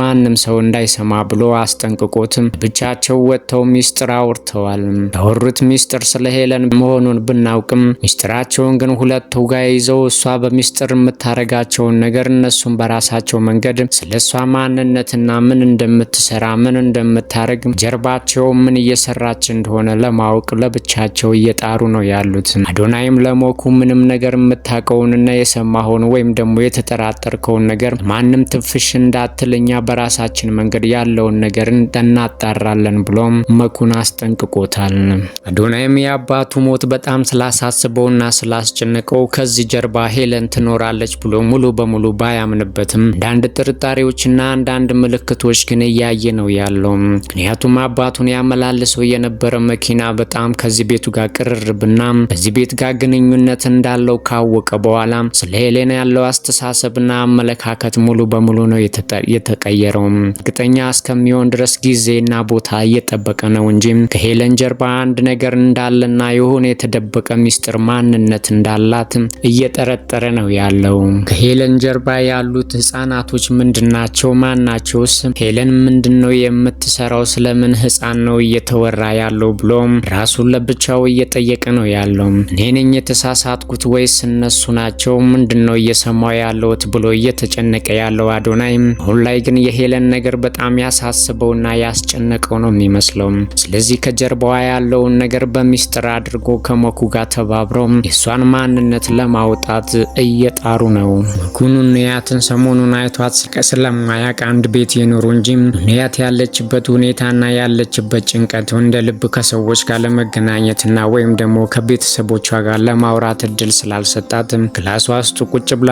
ማንም ሰው እንዳይሰማ ብሎ አስጠንቅቆትም ብቻቸው ወጥተው ሚስጥር አውርተዋል። ያወሩት ሚስጥር ስለ ሄለን መሆኑን ብናውቅም ሚስጥራቸውን ግን ሁለቱ ጋ ይዘው እሷ በሚስጥር የምታደርጋቸውን ነገር እነሱም በራሳቸው መንገድ ስለ እሷ ማንነትና ምን እንደምትሰራ ምን እንደምታደርግ ጀርባቸው ምን እየሰራች እንደሆነ ለማወቅ ለብቻቸው እየጣሩ ነው ያሉት። አዶናይም ለሞኩ ምንም ነገር የምታውቀውንና የሰማኸውን ወይም ደግሞ የተጠራጠርከውን ነገር ማንም ትንፍሽ እንዳትለኝ እኛ በራሳችን መንገድ ያለውን ነገር እናጣራለን ብሎም መኩን አስጠንቅቆታል። አዶናይም የአባቱ ሞት በጣም ስላሳስበውና ስላስጨነቀው ከዚህ ጀርባ ሄለን ትኖራለች ብሎ ሙሉ በሙሉ ባያምንበትም አንዳንድ ጥርጣሬዎችና አንዳንድ ምልክቶች ግን እያየ ነው ያለው። ምክንያቱም አባቱን ያመላልሰው የነበረ መኪና በጣም ከዚህ ቤቱ ጋር ቅርርብና ከዚህ ቤት ጋር ግንኙነት እንዳለው ካወቀ በኋላ ስለ ሄሌን ያለው አስተሳሰብና አመለካከት ሙሉ በሙሉ ነው የተጠ አልተቀየረውም። እርግጠኛ እስከሚሆን ድረስ ጊዜና ቦታ እየጠበቀ ነው እንጂ ከሄለን ጀርባ አንድ ነገር እንዳለና የሆነ የተደበቀ ሚስጥር ማንነት እንዳላት እየጠረጠረ ነው ያለው። ከሄለን ጀርባ ያሉት ህፃናቶች ምንድናቸው? ማናቸውስ? ሄለን ምንድነው የምትሰራው? ስለምን ህፃን ነው እየተወራ ያለው ብሎም ራሱን ለብቻው እየጠየቀ ነው ያለው። እኔ ነኝ የተሳሳትኩት ወይስ እነሱ ናቸው? ምንድነው እየሰማው ያለውት ብሎ እየተጨነቀ ያለው አዶናይ አሁን ላይ ግን የሄለን ነገር በጣም ያሳስበውና ያስጨነቀው ነው የሚመስለው። ስለዚህ ከጀርባዋ ያለውን ነገር በሚስጥር አድርጎ ከመኩ ጋር ተባብረው የእሷን ማንነት ለማውጣት እየጣሩ ነው። መኩን ኑንያትን ሰሞኑን አይቷት ስለማያቅ አንድ ቤት ይኑሩ እንጂ ኑንያት ያለችበት ሁኔታና ያለችበት ጭንቀት እንደ ልብ ከሰዎች ጋር ለመገናኘትና ወይም ደግሞ ከቤተሰቦቿ ጋር ለማውራት እድል ስላልሰጣት ክላሷ ውስጥ ቁጭ ብላ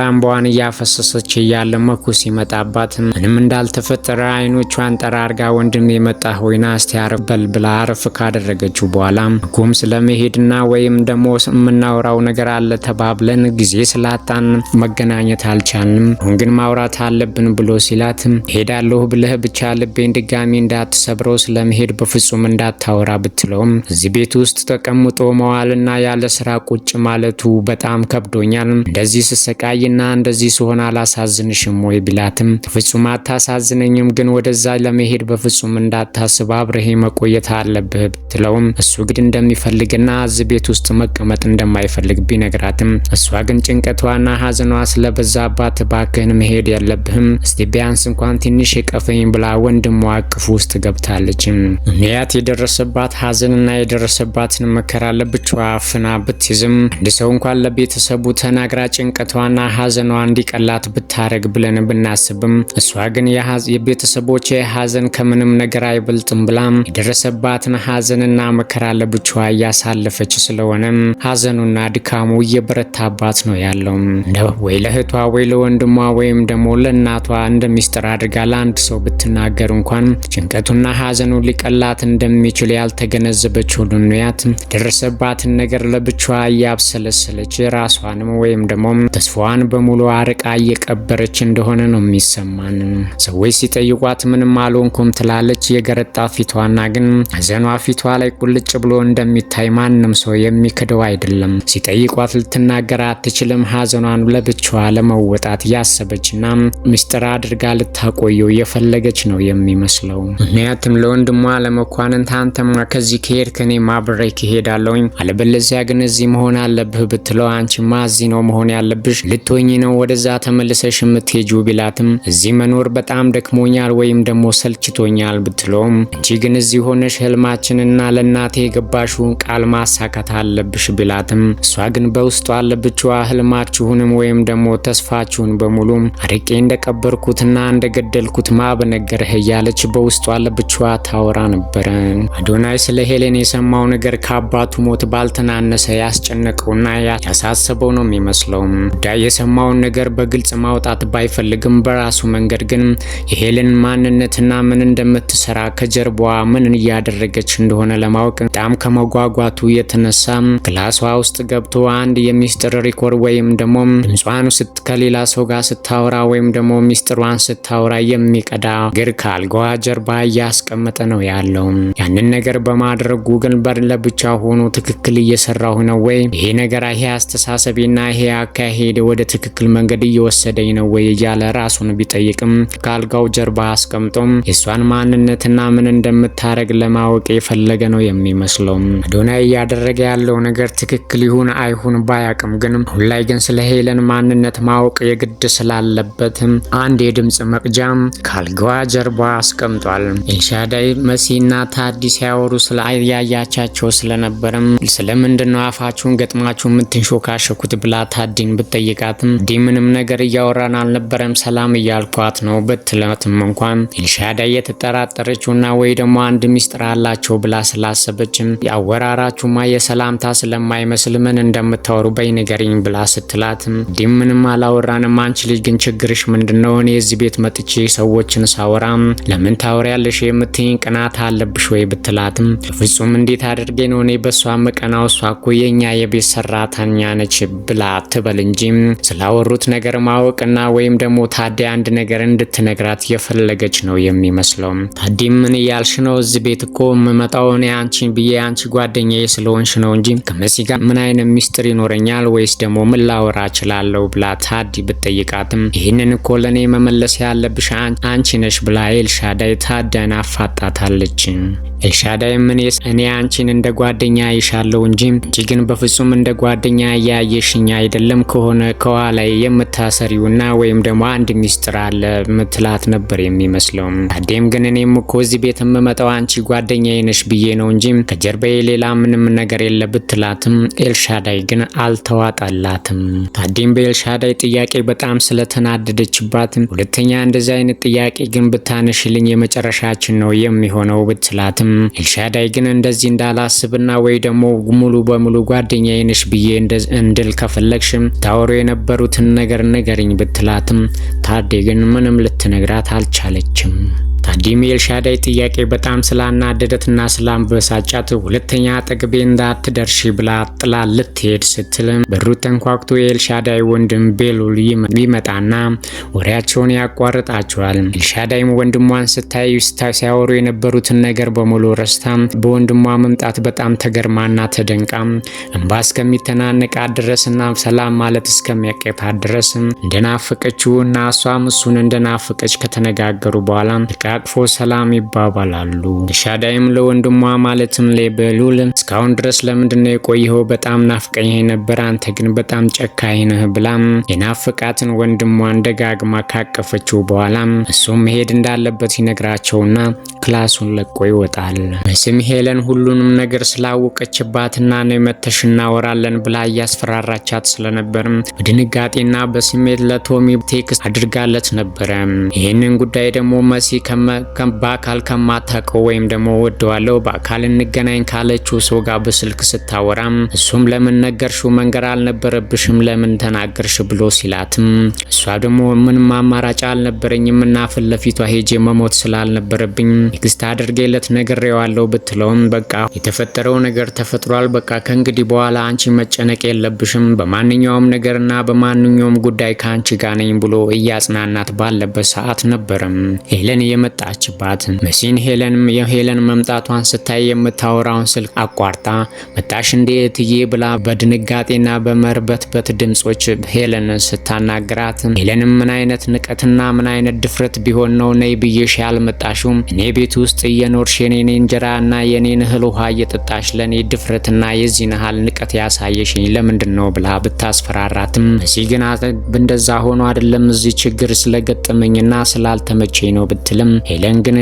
እያፈሰሰች እያለ መኩ ሲመጣባት ምንም እንዳልተፈጠረ አይኖቿን ጠራርጋ ወንድም የመጣ ሆይና እስቲ አረፍ በል ብላ አረፍ ካደረገችው በኋላ ጉም ስለመሄድና ወይም ደግሞ የምናወራው ነገር አለ ተባብለን ጊዜ ስላጣን መገናኘት አልቻልንም፣ አሁን ግን ማውራት አለብን ብሎ ሲላት ሄዳለሁ ብለህ ብቻ ልቤን ድጋሚ እንዳትሰብረው ስለመሄድ በፍጹም እንዳታወራ ብትለውም እዚህ ቤት ውስጥ ተቀምጦ መዋልና ያለ ስራ ቁጭ ማለቱ በጣም ከብዶኛል፣ እንደዚህ ስሰቃይና እንደዚህ ስሆን አላሳዝንሽም ወይ ቢላትም ፍጹማት ብታሳዝነኝም ግን ወደዛ ለመሄድ በፍጹም እንዳታስብ አብረሄ መቆየት አለብህ ብትለውም እሱ ግን እንደሚፈልግና እዚህ ቤት ውስጥ መቀመጥ እንደማይፈልግ ቢነግራትም እሷ ግን ጭንቀቷና ሀዘኗ ስለበዛባት ባክህን መሄድ የለብህም እስቲ ቢያንስ እንኳን ትንሽ የቀፈኝ ብላ ወንድሟ አቅፍ ውስጥ ገብታለች። ሚያት የደረሰባት ሀዘንና የደረሰባትን መከራ ለብቻዋ አፍና ብትይዝም አንድ ሰው እንኳን ለቤተሰቡ ተናግራ ጭንቀቷና ሀዘኗ እንዲቀላት ብታረግ ብለን ብናስብም እሷ ግን ግን የቤተሰቦች ሀዘን ከምንም ነገር አይበልጥም ብላም የደረሰባትን ሀዘንና መከራ ለብቻዋ እያሳለፈች ስለሆነም ሀዘኑና ድካሙ እየበረታባት ነው ያለው። ወይ ለእህቷ ወይ ለወንድሟ ወይም ደግሞ ለእናቷ እንደ ሚስጥር አድርጋ ለአንድ ሰው ብትናገር እንኳን ጭንቀቱና ሀዘኑ ሊቀላት እንደሚችል ያልተገነዘበችው ኑኑያት የደረሰባትን ነገር ለብቻዋ እያብሰለሰለች ራሷንም ወይም ደግሞ ተስፋዋን በሙሉ አርቃ እየቀበረች እንደሆነ ነው የሚሰማን። ሰዎች ሲጠይቋት ምንም አልሆንኩም ትላለች። የገረጣ ፊቷና ግን ሀዘኗ ፊቷ ላይ ቁልጭ ብሎ እንደሚታይ ማንም ሰው የሚክደው አይደለም። ሲጠይቋት ልትናገር አትችልም። ሀዘኗን ለብቻዋ ለመወጣት ያሰበችና ምስጢር አድርጋ ልታቆየው የፈለገች ነው የሚመስለው። ምክንያቱም ለወንድሟ ለመኳንንት አንተማ ከዚህ ከሄድክ እኔም አብሬ እሄዳለሁኝ፣ አለበለዚያ ግን እዚህ መሆን አለብህ ብትለው አንቺማ እዚህ ነው መሆን ያለብሽ፣ ልትሆኚ ነው ወደዛ ተመልሰሽ የምትሄጂው ቢላትም እዚህ መኖር በጣም ደክሞኛል ወይም ደግሞ ሰልችቶኛል ብትሎም እንጂ ግን እዚህ ሆነሽ ህልማችንና ለእናቴ የገባሽውን ቃል ማሳካት አለብሽ ብላትም እሷ ግን በውስጡ አለብችዋ ህልማችሁንም ወይም ደግሞ ተስፋችሁን በሙሉ አርቄ እንደቀበርኩትና እንደገደልኩት ማ በነገረህ እያለች በውስጡ አለብችዋ ታወራ ነበረ። አዶናይ ስለ ሄሌን የሰማው ነገር ከአባቱ ሞት ባልተናነሰ ያስጨነቀውና ያሳሰበው ነው የሚመስለው። ዳይ የሰማውን ነገር በግልጽ ማውጣት ባይፈልግም በራሱ መንገድ ግን ግን የሄልን ማንነትና ምን እንደምትሰራ ከጀርባዋ ምን እያደረገች እንደሆነ ለማወቅ በጣም ከመጓጓቱ የተነሳ ክላሷ ውስጥ ገብቶ አንድ የሚስጥር ሪኮርድ ወይም ደግሞ ድምጿን ከሌላ ሰው ጋር ስታወራ ወይም ደግሞ ሚስጥሯን ስታወራ የሚቀዳ ግር ከአልጋዋ ጀርባ እያስቀመጠ ነው ያለው። ያንን ነገር በማድረጉ ግን በር ለብቻ ሆኖ ትክክል እየሰራሁ ነው ወይ ይሄ ነገር ይሄ አስተሳሰቤና ይሄ አካሄድ ወደ ትክክል መንገድ እየወሰደኝ ነው ወይ እያለ ራሱን ቢጠይቅም ከአልጋው ጀርባ አስቀምጦም የእሷን ማንነትና ምን እንደምታደረግ ለማወቅ የፈለገ ነው የሚመስለው። አዶናይ እያደረገ ያለው ነገር ትክክል ይሁን አይሁን ባያቅም ግን አሁን ላይ ግን ስለ ሄለን ማንነት ማወቅ የግድ ስላለበትም አንድ የድምፅ መቅጃም ከአልጋዋ ጀርባ አስቀምጧል። ኤልሻዳይ መሲና ታዲ ሲያወሩ ስለ ያያቻቸው ስለነበረም ስለምንድነው አፋችሁን ገጥማችሁ የምትንሾካሸኩት ብላ ታዲን ብትጠይቃትም ዲ ምንም ነገር እያወራን አልነበረም ሰላም እያልኳት ነው በተፈጸሙበት ትላትም እንኳን ኤልሻዳይ የተጠራጠረችውና ወይ ደግሞ አንድ ሚስጥር አላቸው ብላ ስላሰበችም የአወራራችሁማ የሰላምታ ስለማይመስል ምን እንደምታወሩበኝ ንገሪኝ ብላ ስትላትም ዲም ምንም አላወራንም። አንቺ ልጅ ግን ችግርሽ ምንድነው? እኔ እዚህ ቤት መጥቼ ሰዎችን ሳወራም ለምን ታወሪያለሽ የምትይኝ ቅናት አለብሽ ወይ ብትላትም ፍጹም እንዴት አድርጌ ነው እኔ በሷ መቀናው? እሷ እኮ የኛ የቤት ሰራተኛ ነች ብላ ትበል እንጂ ስላወሩት ነገር ማወቅና ወይም ደግሞ ታዲያ አንድ ነገር እንድ ልትነግራት የፈለገች ነው የሚመስለው። ታዲም ምን እያልሽ ነው? እዚህ ቤት እኮ የምመጣው እኔ አንቺን ብዬ አንቺ ጓደኛዬ ስለሆንሽ ነው እንጂ ከመሲ ጋር ምን አይነት ሚስጥር ይኖረኛል? ወይስ ደግሞ ምን ላወራ እችላለሁ? ብላ ታዲ ብትጠይቃትም ይህንን እኮ ለእኔ መመለስ ያለብሽ አንቺ ነሽ ብላ ኤልሻዳይ ታዳን አፋጣታለች። ኤልሻዳይ ምኔስ እኔ አንቺን እንደ ጓደኛ አይሻለሁ እንጂ እንጂ ግን በፍጹም እንደ ጓደኛ እያየሽኝ አይደለም። ከሆነ ከኋላ የምታሰሪውና ወይም ደግሞ አንድ ሚስጥር አለ የምትላት ነበር የሚመስለው። አዴም ግን እኔም እኮ እዚህ ቤት የምመጣው አንቺ ጓደኛዬ ነሽ ብዬ ነው እንጂ ከጀርባዬ ሌላ ምንም ነገር የለ ብትላትም ኤልሻዳይ ግን አልተዋጣላትም። አዴም በኤልሻዳይ ጥያቄ በጣም ስለተናደደችባት ሁለተኛ እንደዚህ አይነት ጥያቄ ግን ብታነሽልኝ የመጨረሻችን ነው የሚሆነው ብትላትም ኤልሻዳይ ግን እንደዚህ እንዳላስብና ወይ ደግሞ ሙሉ በሙሉ ጓደኛዬ ነሽ ብዬ እንድል ከፈለግሽም ታወሩ የነበሩትን ነገር ንገርኝ ብትላትም ታዴ ግን ምንም ልትነግራት አልቻለችም። ታዲም የኤልሻዳይ ጥያቄ በጣም ስላናደደትና ስላንበሳጫት ሁለተኛ አጠገቤ እንዳትደርሺ ብላ ጥላ ልትሄድ ስትልም በሩ ተንኳኩቶ የኤልሻዳይ ወንድም ቤሉል ይመጣና ወሬያቸውን ያቋርጣቸዋል። ኤልሻዳይም ወንድሟን ስታይ ስታይ ሲያወሩ የነበሩትን ነገር በሙሉ ረስታ በወንድሟ መምጣት በጣም ተገርማና ተደንቃ እንባ እስከሚተናነቃት ድረስና ሰላም ማለት እስከሚያቀታት ድረስ እንደናፈቀችው እሷም እሱን እንደናፈቀች ከተነጋገሩ በኋላ ተቃቅፈ ተቃቅፎ ሰላም ይባባላሉ። ሻዳይም ለወንድሟ ማለትም ለበሉል እስካሁን ድረስ ለምንድነው የቆየኸው? በጣም ናፍቀኝ ነበር፣ አንተ ግን በጣም ጨካኝ ነህ ብላም የናፍቃትን ወንድሟን ደጋግማ ካቀፈችው በኋላ እሱም መሄድ እንዳለበት ይነግራቸውና ክላሱን ለቆ ይወጣል። መሲም ሄለን ሁሉንም ነገር ስላወቀችባትና ነው መተሽ እናወራለን ብላ እያስፈራራቻት ስለነበርም በድንጋጤና በስሜት ለቶሚ ቴክስት አድርጋለት ነበረ። ይህንን ጉዳይ ደግሞ መሲ በአካል ከማታውቀው ወይም ደግሞ ወደዋለው በአካል እንገናኝ ካለችው ሰው ጋር በስልክ ስታወራም እሱም ለምን ነገርሽው መንገር አልነበረብሽም ለምን ተናገርሽ ብሎ ሲላትም እሷ ደግሞ ምንም አማራጭ አልነበረኝም እና ፊት ለፊቷ ሄጄ መሞት ስላልነበረብኝ ቴክስት አድርጌለት ነግሬዋለሁ ብትለውም በቃ የተፈጠረው ነገር ተፈጥሯል፣ በቃ ከእንግዲህ በኋላ አንቺ መጨነቅ የለብሽም፣ በማንኛውም ነገርና በማንኛውም ጉዳይ ከአንቺ ጋር ነኝ ብሎ እያጽናናት ባለበት ሰዓት ነበረም ሄለን የመጣችባት። መሲን ሄለንም የሄለን መምጣቷን ስታይ የምታወራውን ስልክ አቋርጣ መጣሽ እንዴ እትዬ ብላ በድንጋጤና በመርበትበት ድምጾች ሄለን ስታናግራት ሄለንም ምን አይነት ንቀትና ምን አይነት ድፍረት ቢሆን ነው ነይ ብዬሽ ያልመጣሽው እኔ ቤት ውስጥ እየኖርሽ የኔን እንጀራ እና የኔን እህል ውሃ እየጠጣሽ ለኔ ድፍረትና የዚህን ያህል ንቀት ያሳየሽኝ ለምንድን ነው ብላ ብታስፈራራትም እዚህ ግን እንደዛ ሆኖ አይደለም እዚህ ችግር ስለገጠመኝና ስላልተመቸኝ ነው ብትልም ሄለን ግን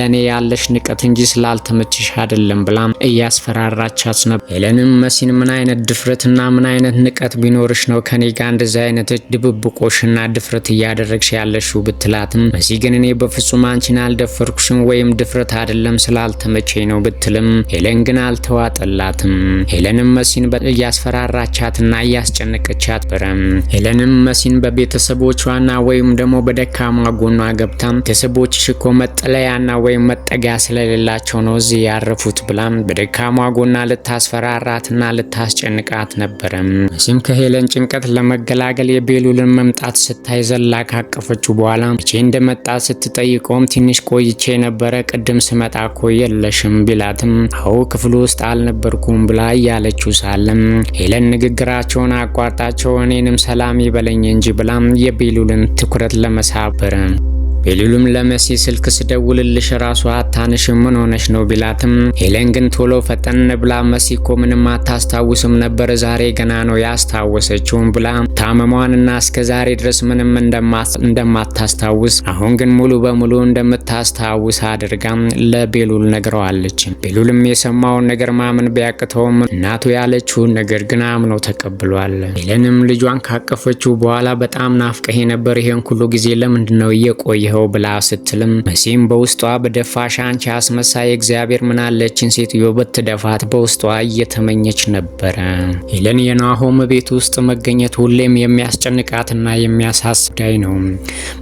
ለእኔ ያለሽ ንቀት እንጂ ስላልተመችሽ አይደለም ብላ እያስፈራራቻት ነበር። ሄለንም መሲን ምን አይነት ድፍረትና ምን አይነት ንቀት ቢኖርሽ ነው ከኔ ጋር እንደዚህ አይነት ድብብቆሽና ድፍረት እያደረግሽ ያለሽው ብትላትም መሲ ግን እኔ በፍጹም አንቺን አልደፈርኩሽም ወይም ድፍረት አይደለም ስላልተመቼ ነው ብትልም ሄለን ግን አልተዋጠላትም። ሄለንም መሲን እያስፈራራቻትና እያስጨነቀቻት በረም ሄለንም መሲን በቤተሰቦቿና ወይም ደግሞ በደካማ ጎኗ ገብታ ቤተሰቦችሽ እኮ መጠለያና ወይም መጠጊያ ስለሌላቸው ነው እዚህ ያረፉት ብላም በደካማ ጎና ልታስፈራራትና ልታስጨንቃት ነበረም። መሲም ከሄለን ጭንቀት ለመገላገል የቤሉልን መምጣት ስታይ ዘላ ካቀፈችው በኋላ መቼ እንደመጣ ስትጠይቀውም ትንሽ ቆይቼ ነበር ነበረ ቅድም ስመጣ እኮ የለሽም ቢላትም አው ክፍሉ ውስጥ አልነበርኩም ብላ እያለችው ሳለም ሄለን ንግግራቸውን አቋርጣቸው እኔንም ሰላም ይበለኝ እንጂ ብላም የቤሉልን ትኩረት ለመሳበር ቤሊሉም ለመሲ ስልክ ስደውልልሽ ራሷ አታንሽ ምን ሆነሽ ነው ቢላትም ሄሌን ግን ቶሎ ፈጠን ብላ መሲ እኮ ምንም አታስታውስም ነበር ዛሬ ገና ነው ያስታወሰችውም ብላ ታመሟንና እስከ ዛሬ ድረስ ምንም እንደማታስታውስ አሁን ግን ሙሉ በሙሉ እንደምታስታውስ አድርጋ ለቤሉል ነግረዋለች። ቤሉልም የሰማውን ነገር ማመን ቢያቅተውም እናቱ ያለችውን ነገር ግን አምኖ ተቀብሏል። ሄለንም ልጇን ካቀፈችው በኋላ በጣም ናፍቀሄ ነበር ይሄን ሁሉ ጊዜ ለምንድን ነው እየቆየ ይኸው ብላ ስትልም መሲም በውስጧ በደፋሽ አንቺ አስመሳይ እግዚአብሔር ምናለችን ሴትዮ ብትደፋት በውስጧ እየተመኘች ነበረ። ሄለን የናሆም ቤት ውስጥ መገኘት ሁሌም የሚያስጨንቃትና የሚያሳስዳይ ነው።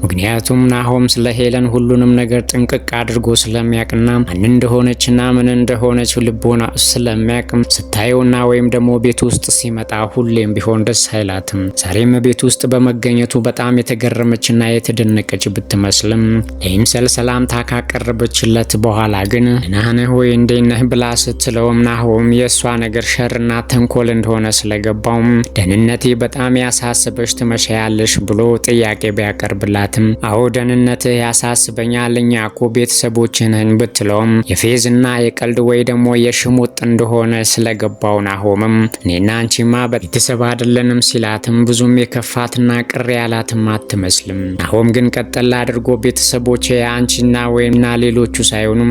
ምክንያቱም ናሆም ስለ ሄለን ሁሉንም ነገር ጥንቅቅ አድርጎ ስለሚያቅና ማን እንደሆነችና ምን እንደሆነች ልቦና ስለሚያቅም ስታየውና ወይም ደግሞ ቤት ውስጥ ሲመጣ ሁሌም ቢሆን ደስ አይላትም። ዛሬም ቤት ውስጥ በመገኘቱ በጣም የተገረመችና የተደነቀች ብትመስል አትመስልም። ኤምሰል ሰላምታ ካቀረበችለት በኋላ ግን ናህነህ ወይ እንዴነህ ብላ ስትለውም ናሆም የእሷ ነገር ሸርና ተንኮል እንደሆነ ስለገባውም ደህንነቴ በጣም ያሳስበሽ ትመሻያለሽ ብሎ ጥያቄ ቢያቀርብላትም አዎ ደህንነትህ ያሳስበኛል እኛ እኮ ቤተሰቦችህን ብትለውም የፌዝና የቀልድ ወይ ደግሞ የሽሙጥ እንደሆነ ስለገባው ናሆምም እኔና አንቺማ ቤተሰብ አይደለንም ሲላትም ብዙም የከፋትና ቅር ያላትም አትመስልም። ናሆም ግን ቀጠል አድርጎ ቤተሰቦች የአንቺና ወይምና ሌሎቹ ሳይሆኑም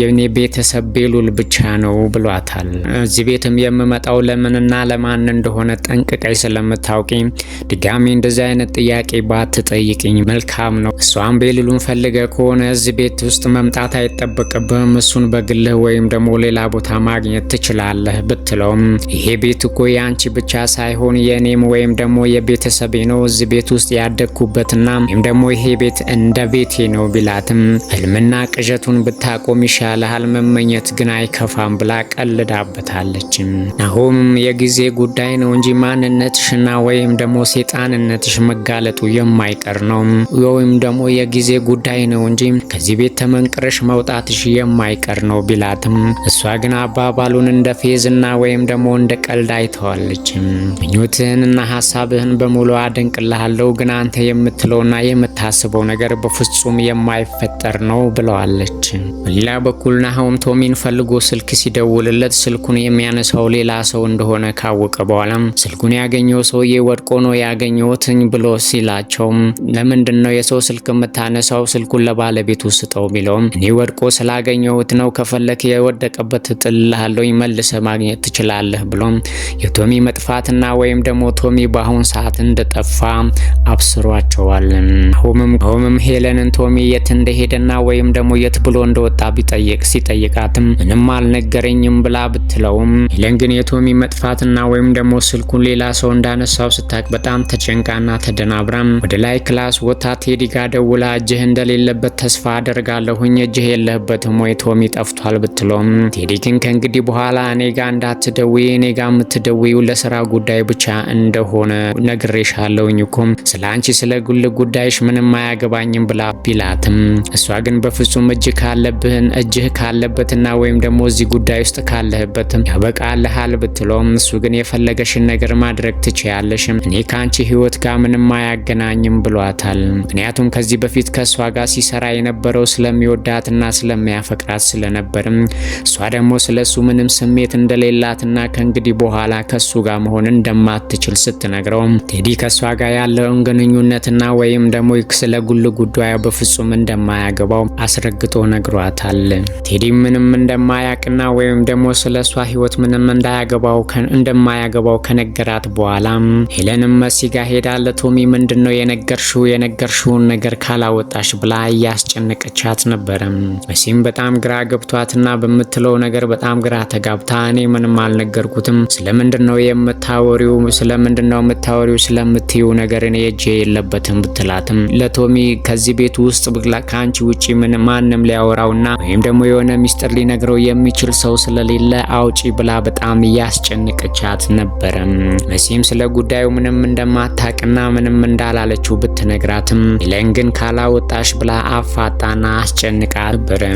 የኔ ቤተሰብ ቤሉል ብቻ ነው ብሏታል። እዚህ ቤትም የምመጣው ለምንና ለማን እንደሆነ ጠንቅቀኝ ስለምታውቂ ድጋሚ እንደዚህ አይነት ጥያቄ ባትጠይቅኝ መልካም ነው። እሷም ቤሉሉን ፈልገ ከሆነ እዚህ ቤት ውስጥ መምጣት አይጠበቅብህም። እሱን በግልህ ወይም ደግሞ ሌላ ቦታ ማግኘት ትችላለህ ብትለውም ይሄ ቤት እኮ የአንቺ ብቻ ሳይሆን የእኔም ወይም ደግሞ የቤተሰቤ ነው። እዚህ ቤት ውስጥ ያደግኩበትና ወይም ደግሞ ይሄ ቤት እንደ ቤቴ ነው ቢላትም ህልምና ቅዠቱን ብታቆም ይሻልሃል፣ መመኘት ግን አይከፋም ብላ ቀልዳበታለችም። ናሆምም የጊዜ ጉዳይ ነው እንጂ ማንነትሽና ወይም ደግሞ ሴጣንነትሽ መጋለጡ የማይቀር ነው ወይም ደግሞ የጊዜ ጉዳይ ነው እንጂ ከዚህ ቤት ተመንቅረሽ መውጣትሽ የማይቀር ነው ቢላትም እሷ ግን አባባሉን እንደ ፌዝና ወይም ደግሞ እንደ ቀልድ አይተዋለችም። ምኞትህንና ሀሳብህን በሙሉ አደንቅልሃለሁ፣ ግን አንተ የምትለውና የምታ የምታስበው ነገር በፍጹም የማይፈጠር ነው ብለዋለች። በሌላ በኩል ናሆም ቶሚን ፈልጎ ስልክ ሲደውልለት ስልኩን የሚያነሳው ሌላ ሰው እንደሆነ ካወቀ በኋላም ስልኩን ያገኘው ሰውዬ ወድቆ ነው ያገኘሁትኝ ብሎ ሲላቸውም ለምንድን ነው የሰው ስልክ የምታነሳው? ስልኩን ለባለቤቱ ስጠው ቢለውም እኔ ወድቆ ስላገኘሁት ነው ከፈለክ የወደቀበት ጥልሃለሁኝ መልሰ ማግኘት ትችላለህ ብሎም የቶሚ መጥፋትና ወይም ደግሞ ቶሚ በአሁን ሰዓት እንደጠፋ አብስሯቸዋል። ሆምም ሄለንን ቶሚ የት እንደሄደና ወይም ደግሞ የት ብሎ እንደወጣ ቢጠይቅ ሲጠይቃትም ምንም አልነገረኝም ብላ ብትለውም ሄለን ግን የቶሚ መጥፋትና ወይም ደግሞ ስልኩን ሌላ ሰው እንዳነሳው ስታቅ በጣም ተጨንቃና ተደናብራም ወደ ላይ ክላስ ወታ ቴዲ ጋር ደውላ እጅህ እንደሌለበት ተስፋ አደርጋለሁኝ እጅህ የለህበትም ወይ ቶሚ ጠፍቷል ብትለውም ቴዲ ግን ከእንግዲህ በኋላ እኔ ጋ እንዳትደውይ እኔ ጋ የምትደውይው ለስራ ጉዳይ ብቻ እንደሆነ ነግሬሻለሁኝ እኮ ስለ አንቺ ስለ ጉል ጉዳይሽ ምንም ምንም አያገባኝም ብላ ቢላትም እሷ ግን በፍጹም እጅ ካለብህን እጅህ ካለበትና ወይም ደግሞ እዚህ ጉዳይ ውስጥ ካለህበትም ያበቃልሃል ብትሎም እሱ ግን የፈለገሽን ነገር ማድረግ ትችያለሽም እኔ ከአንቺ ህይወት ጋር ምንም አያገናኝም ብሏታል። ምክንያቱም ከዚህ በፊት ከእሷ ጋር ሲሰራ የነበረው ስለሚወዳትና ስለሚያፈቅራት ስለነበርም እሷ ደግሞ ስለ እሱ ምንም ስሜት እንደሌላትና ከእንግዲህ በኋላ ከሱ ጋር መሆን እንደማትችል ስትነግረው ቴዲ ከእሷ ጋር ያለውን ግንኙነትና ወይም ደግሞ ሪክ ስለ ጉል ጉዳዩ በፍጹም እንደማያገባው አስረግጦ ነግሯታል። ቴዲ ምንም እንደማያቅና ወይም ደግሞ ስለ እሷ ህይወት ምንም እንዳያገባው እንደማያገባው ከነገራት በኋላም ሄለንም መሲ ጋር ሄዳ ለቶሚ ምንድን ነው የነገርሽው የነገርሽውን ነገር ካላወጣሽ ብላ እያስጨነቀቻት ነበረም። መሲም በጣም ግራ ገብቷትና በምትለው ነገር በጣም ግራ ተጋብታ እኔ ምንም አልነገርኩትም፣ ስለምንድን ነው የምታወሪው? ስለምንድን ነው የምታወሪው? ስለምትዩ ነገር እኔ እጄ የለበትም ብትላትም ለቶሚ ከዚህ ቤት ውስጥ ከአንቺ ውጪ ምን ማንም ሊያወራውና ወይም ደግሞ የሆነ ሚስጥር ሊነግረው የሚችል ሰው ስለሌለ አውጪ ብላ በጣም እያስጨንቀቻት ነበረ። መሲም ስለ ጉዳዩ ምንም እንደማታቅና ምንም እንዳላለችው ብትነግራትም ሄለን ግን ካላወጣሽ ብላ አፋጣና አስጨንቃ ነበረ።